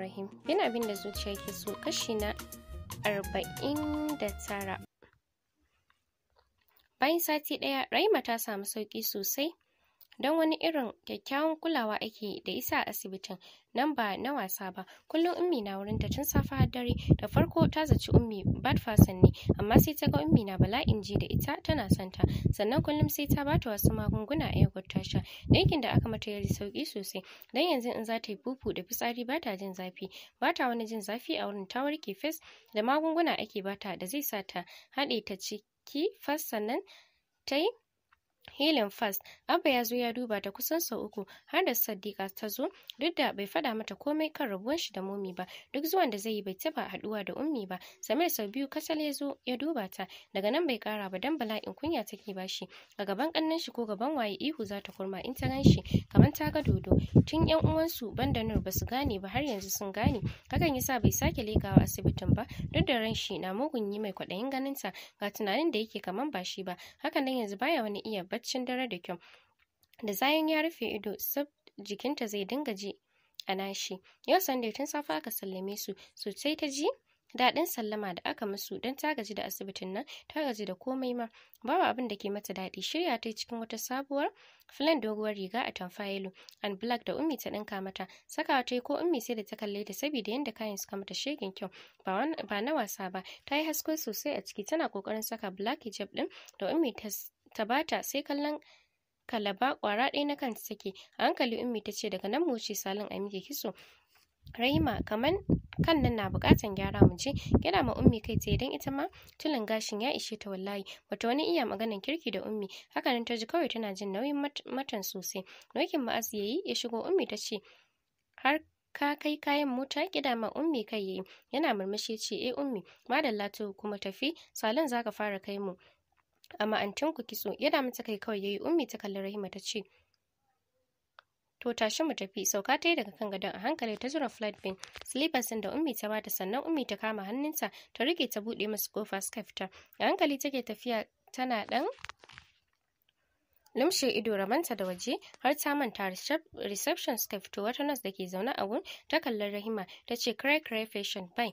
rahim, Bin abin da zuciya ke so kashi na arba'in da tara. Bayan sati ɗaya, Raima ta samu sauƙi sosai. don wani irin kyakkyawan kulawa ake da isa a asibitin nan ba na wasa ba kullum ummi na wurin ta tun safa har dare da farko ta zaci ummi bad fasan ne amma sai ta ga ummi na in ji da ita tana son ta sannan kullum sai ta bata wasu magunguna a yagur ta sha dankin da aka mata yari sauki sosai dan yanzu in za ta yi bubu da fitsari ba ta jin zafi ba ta wani jin zafi a wurin ta warke fes da magunguna ake bata da zai sa ta haɗe ta ciki fas sannan ta yi Helen Fast, Abba ya zo ya duba ta kusan sau uku har da Sadiqa ta zo duk da bai fada mata komai kan rabuwar shi da Mummy ba. Duk zuwan da zai yi bai taba haɗuwa da Ummi ba. Samir sau biyu kasal ya zo ya duba ta daga nan bai kara ba dan bala'in kunya take ba shi A gaban kannan shi ko gaban waye ihu za ta kurma in ta ganshi kamar ta ga dodo. Tun yan uwansu banda Nur su gane ba har yanzu sun gane. Hakan yasa bai sake lekawa asibitin ba duk da ran shi na mugun yi mai kwaɗayin ganinta ga tunanin da yake kamar ba shi ba. Hakan nan yanzu baya wani iya baccin dare da kyau da zayan ya rufe ido sab jikinta zai dinga ji a nashi yau sande tun safa aka sallame su sosai ta ji daɗin sallama da aka musu don ta gaji da asibitin nan ta gaji da komai ma babu abin da ke mata daɗi shirya ta cikin wata sabuwar filan doguwar riga a tamfayelo and black da ummi ta ɗinka mata sakawa ta yi ko ummi sai da ta kalle ta saboda yadda kayan suka mata shegen kyau ba na wasa ba ta yi hasko sosai a ciki tana kokarin saka black hijab ɗin da ummi ta. ta bata sai kallon kalaba kwara ɗaya na kanta take a hankali ummi ta ce daga nan mu wuce salon a miki kitso Rahima kaman kan nan na bukatan gyara mu je gyara ma ummi kai tsaye don ita ma tulin gashin ya ishe ta wallahi bata wani iya maganan kirki da ummi haka nan ta ji kawai tana jin nauyin matan sosai nokin ma'az yayi ya shigo ummi ta ce har ka kai kayan mota gida ma ummi kai yayi yana murmushi ce eh ummi madalla to kuma tafi salon zaka fara kai mu amma antin ku kitso ya damu ta kai kawai yayi ummi ta kalli rahima ta ce to tashi mu tafi sauka ta yi daga kan gadon a hankali ta zura flight bin ɗin da ummi ta bata sannan ummi ta kama hannunta ta rike ta bude masu kofa suka fita a hankali take tafiya tana dan lumshe ido ramanta da waje har ta manta reception suka fito wata nurse da ke zaune a wurin ta kalli rahima ta ce cry cry fashion bye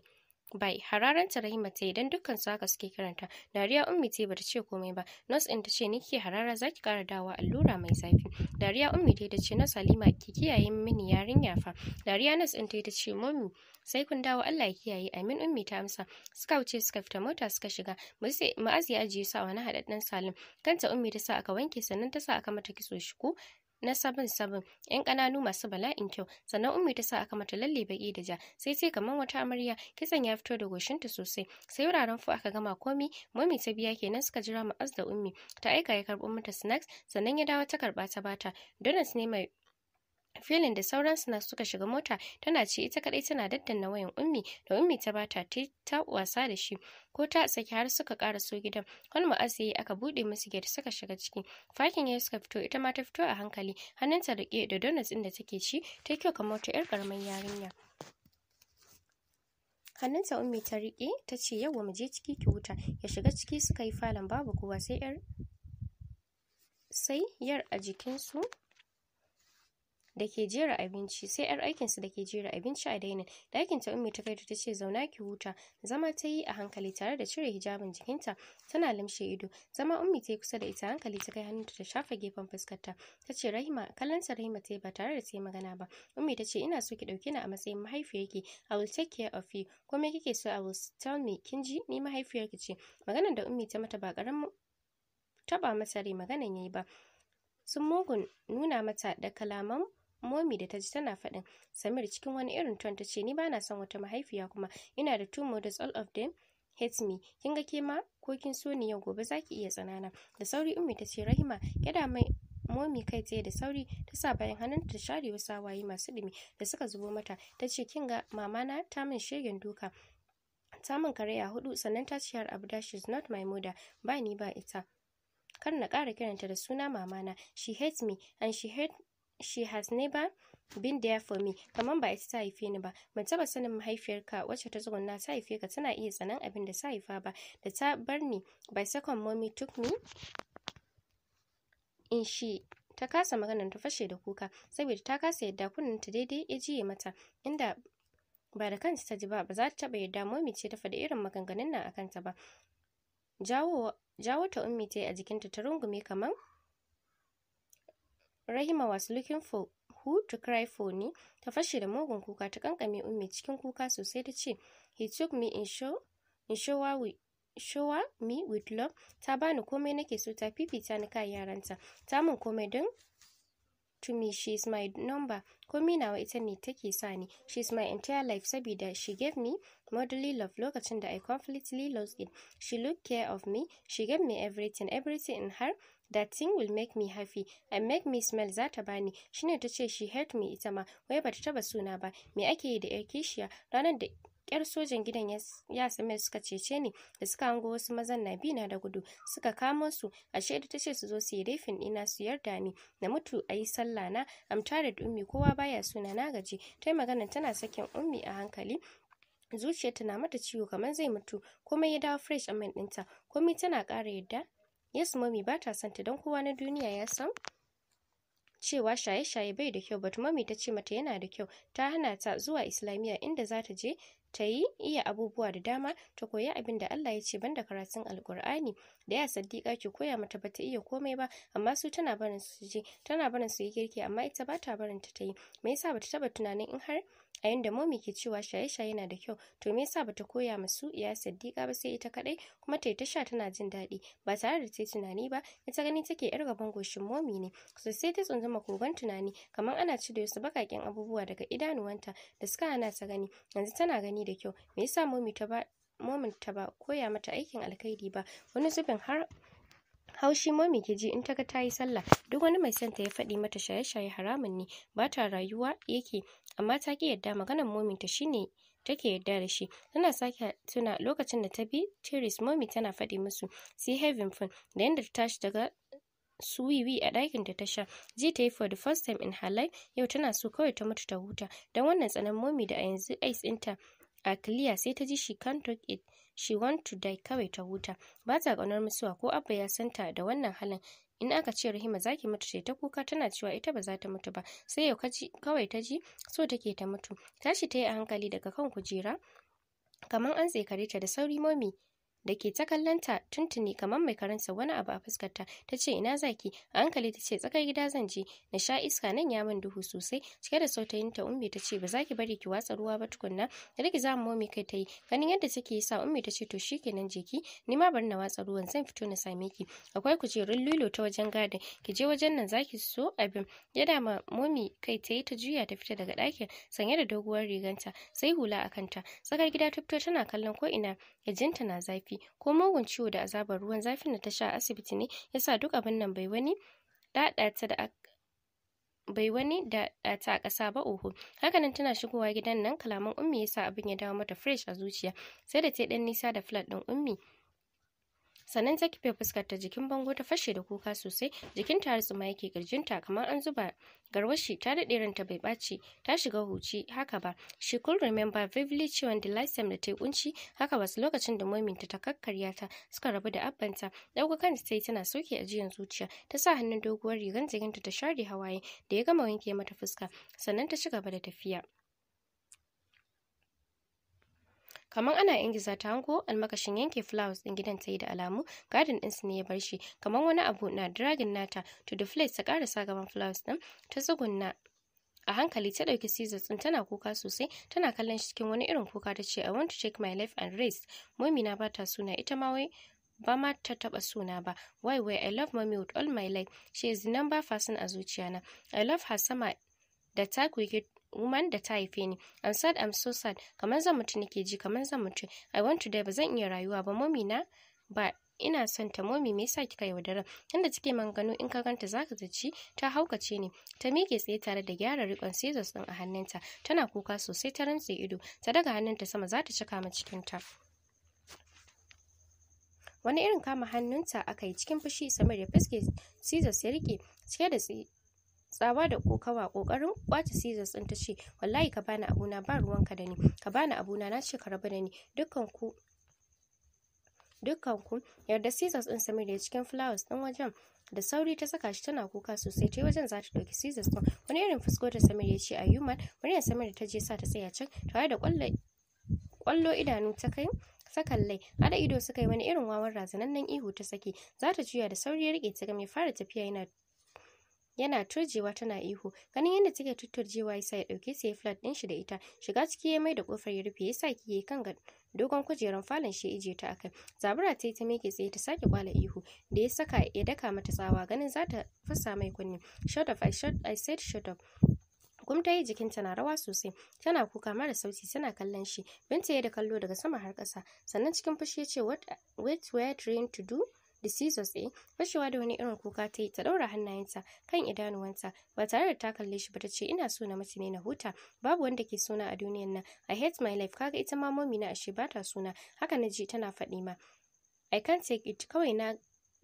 bai hararan ta rahima ta idan dukkan su haka suke karanta dariya ummi ce bata ce komai ba nurse din tace ce ni ke harara zaki kara dawa allura mai zafi dariya ummi ta ce na salima ki kiyaye mini yarinya fa dariya nurse din ta ce mummy sai kun dawo Allah ya kiyaye amin ummi ta amsa suka wuce suka fita mota suka shiga ma'az ya ajiye sawa wani haɗaɗɗen salim kanta ummi ta sa aka wanke sannan ta sa aka mata kitso shiku na sabon sabon yan kananu masu bala'in kyau sannan ummi ta sa aka mata lalle baki da ja sai sai kaman wata amarya kitsan ya fito da goshinta sosai sai wuraren fu aka gama komi mami ta biya kenan suka jira ma'az da ummi ta aika ya karbo mata snacks sannan ya dawo ta karba ta bata donuts ne mai filin da sauransu na suka shiga mota tana ce ita kadai tana daddanna wayan ummi da ummi ta bata ta wasa da shi ko ta saki har suka kara so gidan wani ma'asiyi aka bude musu gate suka shiga ciki fakin ya suka fito ita ma ta fito a hankali hannunta riƙe da donuts ɗin da take ci ta kyau kamar ta 'yar karamin yarinya hannunta ummi ta rike ta ce yau mu je ciki ki wuta ya shiga ciki suka yi falon babu kowa sai 'yar sai yar a jikinsu da ke jera abinci sai yar aikinsu da ke jera abinci a dainin dakinta ta ummi ta kai ta ce zauna ki huta zama ta yi a hankali tare da cire hijabin jikinta tana limshe ido zama ummi ta yi kusa da ita hankali ta kai hannunta ta shafa gefen fuskarta ta ce rahima kallanta rahima ta yi ba tare da ta yi magana ba ummi ta ce ina so ki dauki ni a matsayin mahaifiyarki i will take care of you komai kike so i will tell me kin ji ni mahaifiyarki ce maganar da ummi ta mata ba karamin taba mata rai maganan yayi ba sun mugun nuna mata da kalaman momi da ta ji tana faɗin samir cikin wani irin ton ta ce ni ba na son wata mahaifiya kuma ina da two models all of them hate me kin ga ke ma ko kin so ni yau gobe zaki iya tsanana da sauri ummi ta ce rahima gyada mai momi kai tsaye da sauri ta sa bayan hannunta ta share wasu hawaye masu dumi da suka zubo mata ta ce kin ga mamana ta min shegen duka ta min karaya hudu sannan ta ce har da she's not my mother ba ni ba ita kar na kara kiranta da suna mamana she hates me and she hate she has never been there for me kaman ba ita ta haife ni ba ban taba sanin mahaifiyarka wacce ta zauna ta haife ka tana iya tsanan abin da ta haifa ba da ta bar ni by second mommy took me in she ta kasa maganar ta fashe da kuka saboda ta kasa yadda ta daidai ya jiye mata inda ba da kanta ta ji ba ba za ta taba yadda mommy ce ta faɗi irin maganganun nan akan ta ba jawo ta ummi ta yi a jikinta ta rungume kamar. Rahima was looking for who to cry for ne ta fashe da mugun kuka ta kankame ummi cikin kuka sosai ta ce he took me in show in show we show me with love ta bani komai nake so ta fifita ni kan yaranta ta mun komai don to me she is my number komi nawa ita ne take sa ni she is my entire life saboda she gave me motherly love lokacin da I completely lost it she look care of me she gave me everything everything in her that thing will make me happy and make me smell zata bani shine ta ce she helped me ita ma wai bata taba suna ba me ake yi da yar kishiya ranar da yar sojan gidan ya same suka cece ni da suka hango wasu mazan na bi na da gudu suka kamo su a shaida ta ce su zo su yi rifin ɗina su yarda ni na mutu a yi sallah na amta da ummi kowa baya suna na gaji ta yi magana tana sakin ummi a hankali zuciyarta na mata ciwo kamar zai mutu komai ya dawo fresh a ɗinta komai tana ƙara yadda yes mami ba ta santa don kowa na duniya ya san cewa shaye-shaye bai da kyau but mami ta ce mata yana da kyau ta hana ta zuwa islamiyya inda za ta je ta yi iya abubuwa da dama ta koyi abin da Allah ya ce banda karatun alkur'ani da ya saddiƙa ke koya mata bata iya komai ba amma su tana barin su je tana barin su yi girki amma ita ba ta barin ta ta yi me yasa bata taba tunanin in har a yanda momi ke cewa shaye-shaye na da kyau to me yasa bata koya masu iya saddiƙa ba sai ita kadai kuma ta yi ta sha tana jin daɗi ba tare da ta tunani ba ita gani take yar gaban goshin momi ne sosai ta tsunzuma kogon tunani kamar ana cire wasu bakaƙen abubuwa daga idanuwanta da suka hana ta gani yanzu tana gani tunani da kyau me yasa momi ta ba momin ta ba koya mata aikin alkhairi ba wani zubin har haushi momi ke ji in ta ga ta yi sallah duk wani mai son ta ya faɗi mata shaye-shaye haramun ne ba ta rayuwa yake amma ta ki yadda maganar momin ta shine take yadda da shi tana sake tuna lokacin da ta bi Tiris momi tana faɗi musu si heaven fun da yadda ta tashi daga suwiwi a ɗakin da ta sha ji ta yi for the first time in her life yau tana so kawai ta mutu ta huta don wannan tsanan momi da a yanzu ice ɗinta a clear sai ta ji shi can't talk it she want to die kawai ta huta ba ta ƙaunar mutuwa ko abba ya santa da wannan halin in aka ce rahima za ki mutu sai ta kuka tana cewa ita ba za ta mutu ba sai yau kawai ta ji so take ta mutu tashi ta yi a hankali daga kan kujera kamar an tsekare ta da sauri momi da ke ta kallonta tuntuni kamar mai karanta wani abu a fuskarta ta ce ina zaki a hankali ta ce tsakar gida zan je na sha iska nan ya min duhu sosai cike da sautayin ta ummi ta ce ba za ki bari ki watsa ruwa ba tukunna da rike za momi kai ta yi ganin yadda take sa ummi ta ce to shikenan ki ni ma bari na watsa ruwan zan fito na same ki akwai kujerun lilo ta wajen gadin ki je wajen nan zaki so abin ya dama momi kai ta yi ta juya ta fita daga ɗakin sanye da doguwar riganta sai hula a kanta tsakar gida ta fito tana kallon ko ina yajinta na zafi zafi ko mugun ciwo da azabar ruwan zafin da ta sha a asibiti ne yasa duk abin nan bai wani daɗata da bai wani da ta a ƙasa ba oho hakanan tana shigowa gidan nan kalaman ummi yasa abin ya dawo mata fresh a zuciya sai da ta ɗan nisa da flat ɗin ummi sannan ta kife fuskar ta jikin bango ta fashe da kuka sosai jikin ta ma yake kirjinta kamar an zuba garwashi ta daɗe ranta bai ɓaci ta shiga huci haka ba she could remember vividly cewa the last time da ta yi kunci haka su lokacin da mominta ta kakkarya ta suka rabu da abbanta ɗauka kan ta yi tana soke ajiyan zuciya ta sa hannun doguwar rigar jikinta ta share hawaye da ya gama wanke mata fuska sannan ta ci gaba da tafiya kamar ana yan ingiza ta hango almakashin yanke flowers din gidan ta yi da alamu garden din su ne ya bar shi kamar wani abu na dragon nata to the place ta sa gaban flowers din ta tsugunna a hankali ta ɗauki scissors din tana kuka sosai tana kallon shi cikin wani irin kuka ta ce i want to check my life and race momina ba ta suna ita ma wai ba ma ta taba suna ba why why i love mommy with all my life she is the number person a zuciyana i love her sama da ta kuke woman da ta haife ni I'm sad I'm so sad kamar zan mutu nake ji kamar zan mutu I want to die ba zan iya rayuwa ba mommy na ba ina son ta momi me yasa kika yaudara tunda take mangano in ka ganta zaka zaci ta haukace ne ta mike tsaye tare da gyara rikon scissors din a hannunta tana kuka sosai ta rantse ido ta daga hannunta sama za ta cika ma cikin ta wani irin kama hannunta aka yi cikin fushi samir da fiske scissors ya rike cike da tsawa da kokawa kokarin kwace scissors din ta ce wallahi ka bani abuna ba ruwanka da ni ka bani abuna na ce ka rabu da ni dukkan ku dukkan ku yarda scissors din Samir ya cikin flowers din wajen da sauri ta saka shi tana kuka sosai ta wajen za ta ɗauki scissors din wani irin fusko da Samir ya ce a human wani Samir ta je sa ta tsaya can tare da kwallo idanu ta kai saka lai hada ido suka yi wani irin wawan razanannen ihu ta saki za ta juya da sauri ya rike ta ya fara tafiya yana yana turjewa tana ihu ganin yadda take tutturjewa yasa ya dauke sai flat din shi da ita shiga ciki ya mai da kofar ya rufe yasa kiye kan ga dogon kujeran falon shi ije ta akai zabura ta yi ta meke tsaye ta sake kwala ihu da ya saka ya daka mata tsawa ganin za ta fasa mai kunni shut up I, shut, I said shut up kum ta yi jikinta na rawa sosai, tana kuka mara sauti tana kallon shi, Binta ya da kallo daga sama har ƙasa, sannan cikin fushi ya ce, What, what were you to do? da e fashewa da wani irin kuka ta yi ta ɗaura hannayenta kan idanuwanta ba tare da ta kalle shi ba ta ce ina so na mace ne na huta babu wanda ke suna a duniyan nan i hate my life kaga ita ma mommy na ashe ba ta suna haka na ji tana faɗi ma i can't take it kawai na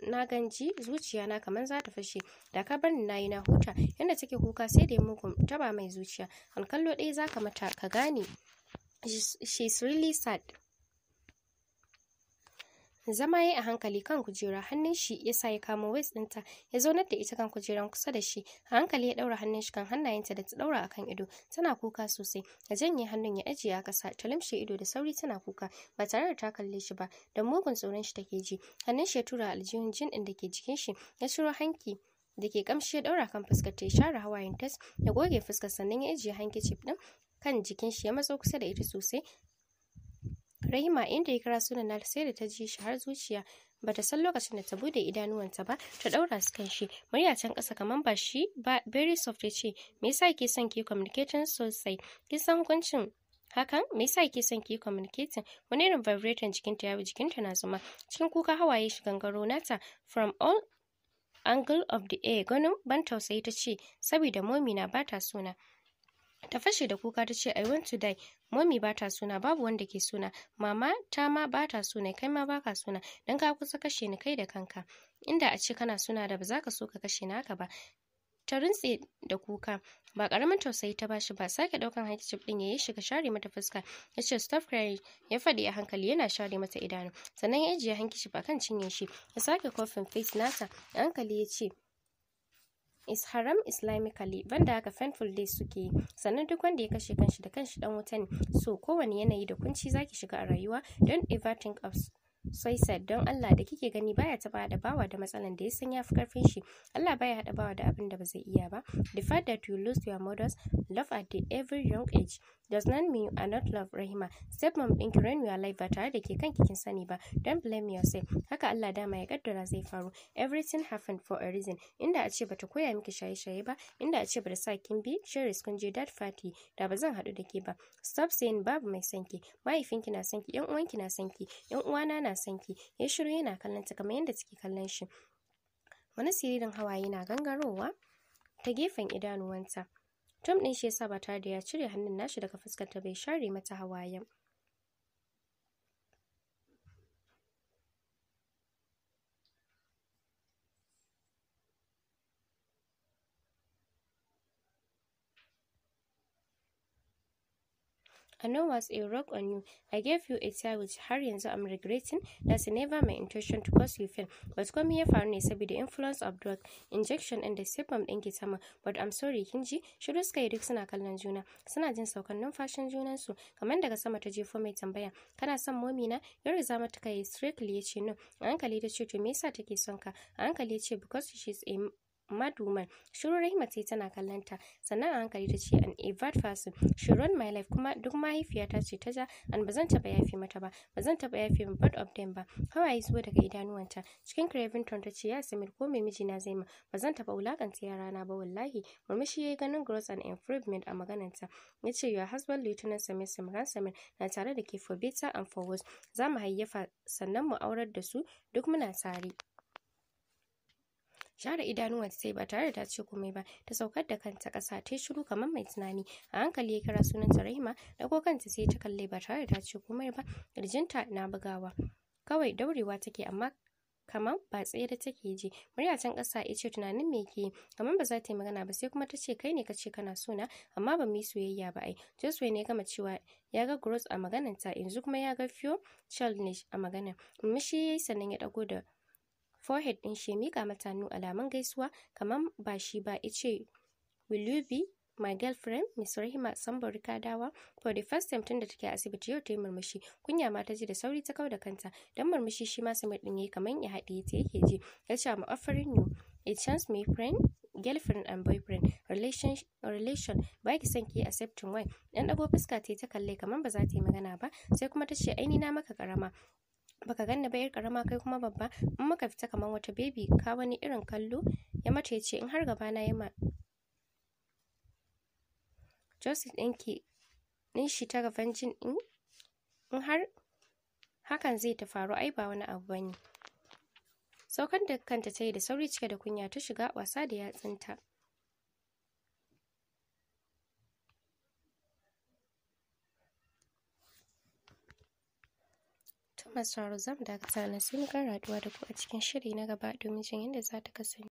na ganji zuciya na kamar za ta fashe da ka bar ni na yi na huta yanda take kuka sai da mugun taba mai zuciya an kallo ɗaya zaka mata ka gane she's really sad zama ya a hankali kan kujera hannun shi ya sa ya kamo waist dinta ya zaunar da ita kan kujeran kusa da shi a hankali ya ɗaura hannun shi kan hannayenta da ta ɗaura akan ido tana kuka sosai ya janye hannun ya ajiye a ƙasa ta lumshe ido da sauri tana kuka ba tare da ta kalle shi ba da mugun tsoron shi take ji hannun shi ya tura aljihun jin ɗin da ke jikin shi ya ciro hanki da ke kamshi ya daura kan fuskar ta ya share hawayen tas ya goge fuskar sannan ya ajiye hankicif ɗin kan jikin shi ya matso kusa da ita sosai Rahima inda ya kira sunan na sai da ta ji shi har zuciya bata san lokacin da ta bude idanuwanta ba ta daura su kan shi murya can kasa kaman ba shi ba very soft ce me yasa ke son ki communicating sosai kin san hukuncin hakan me yasa yake son ki communicating wani irin vibrating jikinta ya bi jikinta na zuma cikin kuka hawaye shi gangaro nata from all angle of the air ganin ban tausayi ta ce saboda momina na bata suna ta fashe da kuka ta ce i want to die mommy ba ta suna babu wanda ke suna mama ta ma ba ta suna kai ma baka suna dan ka kusa kashe ni kai da kanka inda a ce kana suna da ba za ka so ka kashe ni haka ba ta rintse da kuka ba karamin tausayi ta bashi ba sake daukan handkerchief din yayi shiga share mata fuska yace ce stop crying ya faɗi a hankali yana share mata idanu sannan ya ajiye handkerchief akan cinyen shi ya sake kofin face nasa hankali ya ce is haram islamically banda haka fanful days suke sannan duk wanda ya kashe kanshi da kanshi dan wuta ne so kowane yanayi da kunci zaki shiga a rayuwa don ever think of Faisal don Allah da kike gani baya taba da bawa da matsalan da ya san ya fi karfin shi. Allah baya hada bawa da abin da ba zai iya ba. The fact that you lose your mother's love at the every young age does not mean you are not love Rahima. Step mom in ki your life ba tare da ke kanki kin sani ba. Don't blame yourself. Haka Allah dama ya kaddara zai faru. Everything happened for a reason. Inda a ce bata koya miki shaye-shaye ba, inda a ce bata sa kin bi shiris kun je dad fati da ba zan hadu da ke ba. Stop saying babu mai sanki. Mahaifinki na sanki, yan uwanki na sanki, yan uwana na ana son ki ya shiru yana kallon ta kamar yadda take kallon shi wani siririn hawaye na gangarowa ta gefen idanuwanta tom din shi yasa ba tare da ya cire hannun nashi daga ta bai share mata hawayen I know what's a rock on you. I gave you a tear which har yanzu I'm regretting. That's never my intention to cause you pain. But here ya faru ne saboda influence of drug, injection and the sebum ɗin ki sama. But I'm sorry kin ji? Shiru scare duk suna kallon juna. Suna jin saukan numfashin junansu. Kamar daga sama ta jefo mai tambaya. Kana son momina na? Ya riza mata kai strictly ya ce no. A hankali ta ce to me yasa take son ka? A hankali ya ce because she's a maduman shiru rahima ce tana kallon ta sannan a hankali ta ce an evad person she run my life kuma duk mahaifiyata ce ta ja an bazan taba yafe mata ba bazan taba yafe ma bad of them ba hawaye zuwa daga idanuwanta cikin craving ton ta ce ya samir ko mai na zai ma bazan taba wulakanta yarana ba wallahi murmushi yayi ganin growth and improvement a ta yace your husband lieutenant samir samran samir na tare da ke for better and for worse za mu hayyafa sannan mu aurar da su duk muna tare share idanuwanta sai ba tare da ta ce komai ba ta saukar da kanta ƙasa ta yi shiru kamar mai tunani a hankali ya kira sunanta rahima ɗago kanta sai ta kalle ba tare da ta ce komai ba ƙirjinta na bugawa kawai daurewa take amma kamar ba tsere take je murya can ƙasa ya ce tunanin me ke kamar ba za ta yi magana ba sai kuma ta ce kai ne ka ce kana suna amma ba mu soyayya ba ai Josue ne gama cewa ya ga Gross a maganar ta yanzu kuma ya ga Fio Chalnish a maganar ya yayi sannan ya dago da forehead din shi mika mata hannu alaman gaisuwa kamar ba shi ba ice will you be my girlfriend Miss Rahima Sambori Kadawa for the first time tunda take asibiti yau ta yi murmushi kunya ma ta ji da sauri ta kau da kanta dan murmushi shi ma Samir din yayi kaman ya haɗe ta yake ji ya ce mu offering you a chance my friend girlfriend and boyfriend relation relation ba ki son ki accepting one dan ɗago fuska ta ta kalle kamar ba za ta yi magana ba sai kuma ta ce aini na maka karama baka ganni ba yar karama kai kuma babba in muka fita kaman wata baby ka wani irin kallo ya mace ce in har gaba na yima Joseph ɗinki ɗin shi ta gaban jin ɗin in har hakan zai ta faru ai ba wani abu bane saukar da kanta ta yi da sauri cike da kunya ta shiga wasa da yatsunta masu sauraro za mu dakata na sai raduwa kara da ku a cikin shiri na gaba domin jin yadda za ta kasance.